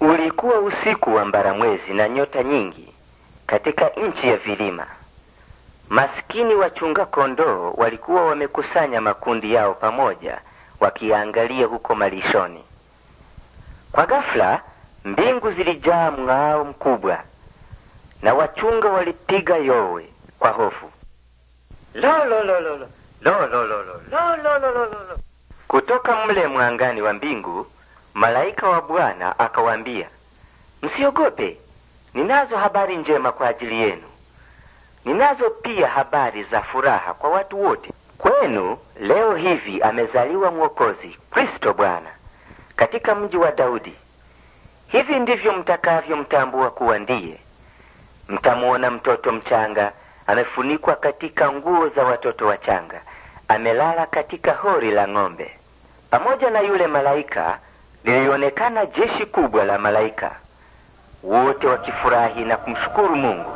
Ulikuwa usiku wa mbaramwezi na nyota nyingi katika nchi ya vilima. Maskini wachunga kondoo walikuwa wamekusanya makundi yao pamoja, wakiangalia huko malishoni. Kwa ghafla, mbingu zilijaa mng'ao mkubwa na wachunga walipiga yowe kwa hofu. Lo, lo, lo, lo, lo, lo, lo, lo, lo, lo, lo, lo, lo. Kutoka mle mwangani wa mbingu Malaika wa Bwana akawaambia, msiogope, ninazo habari njema kwa ajili yenu, ninazo pia habari za furaha kwa watu wote. Kwenu leo hivi amezaliwa Mwokozi Kristo Bwana katika mji wa Daudi. Hivi ndivyo mtakavyomtambua kuwa ndiye. Mtamwona mtoto mchanga amefunikwa katika nguo za watoto wachanga, amelala katika hori la ng'ombe. Pamoja na yule malaika lilionekana jeshi kubwa la malaika wote wakifurahi na kumshukuru Mungu.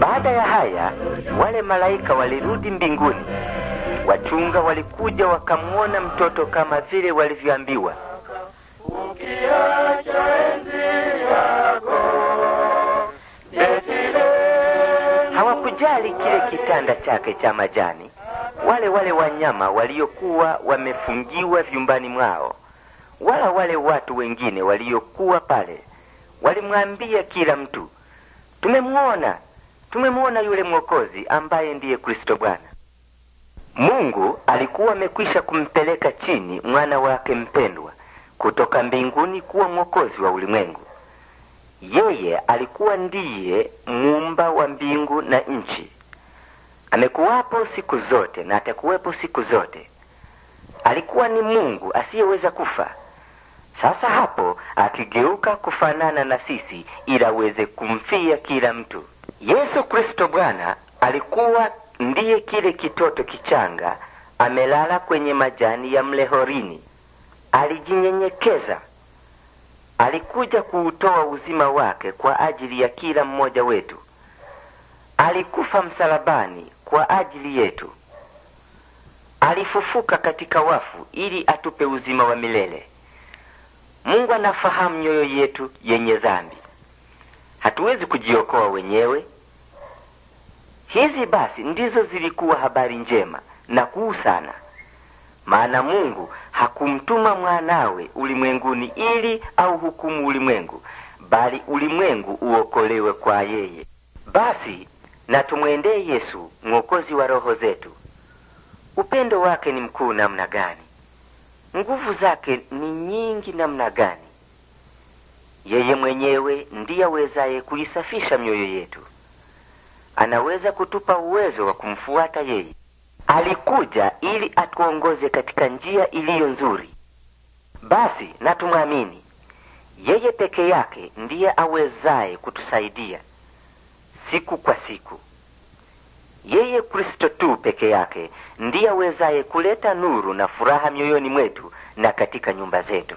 Baada ya haya wale malaika walirudi mbinguni. Wachunga walikuja wakamwona mtoto kama vile walivyoambiwa. Hawakujali kile kitanda chake cha majani, wale wale wanyama waliokuwa wamefungiwa vyumbani mwao, wala wale watu wengine waliokuwa pale. Walimwambia kila mtu, tumemwona, tumemwona yule Mwokozi ambaye ndiye Kristo Bwana. Mungu alikuwa amekwisha kumpeleka chini mwana wake mpendwa kutoka mbinguni kuwa mwokozi wa ulimwengu. Yeye alikuwa ndiye muumba wa mbingu na nchi, amekuwapo siku zote na atakuwepo siku zote. Alikuwa ni Mungu asiyeweza kufa. Sasa hapo akigeuka kufanana na sisi, ili aweze kumfia kila mtu. Yesu Kristo Bwana alikuwa ndiye kile kitoto kichanga amelala kwenye majani ya mlehorini, alijinyenyekeza Alikuja kuutoa uzima wake kwa ajili ya kila mmoja wetu. Alikufa msalabani kwa ajili yetu. Alifufuka katika wafu ili atupe uzima wa milele. Mungu anafahamu nyoyo yetu yenye dhambi. Hatuwezi kujiokoa wenyewe. Hizi basi ndizo zilikuwa habari njema na kuu sana maana Mungu hakumtuma mwanawe ulimwenguni ili auhukumu ulimwengu, bali ulimwengu uokolewe kwa yeye. Basi na tumwendee Yesu, mwokozi wa roho zetu. Upendo wake ni mkuu namna gani! Nguvu zake ni nyingi namna gani! Yeye mwenyewe ndiye awezaye kuisafisha mioyo yetu, anaweza kutupa uwezo wa kumfuata yeye. Alikuja ili atuongoze katika njia iliyo nzuri. Basi na tumwamini yeye peke yake, ndiye awezaye kutusaidia siku kwa siku. Yeye Kristo tu peke yake ndiye awezaye kuleta nuru na furaha mioyoni mwetu na katika nyumba zetu.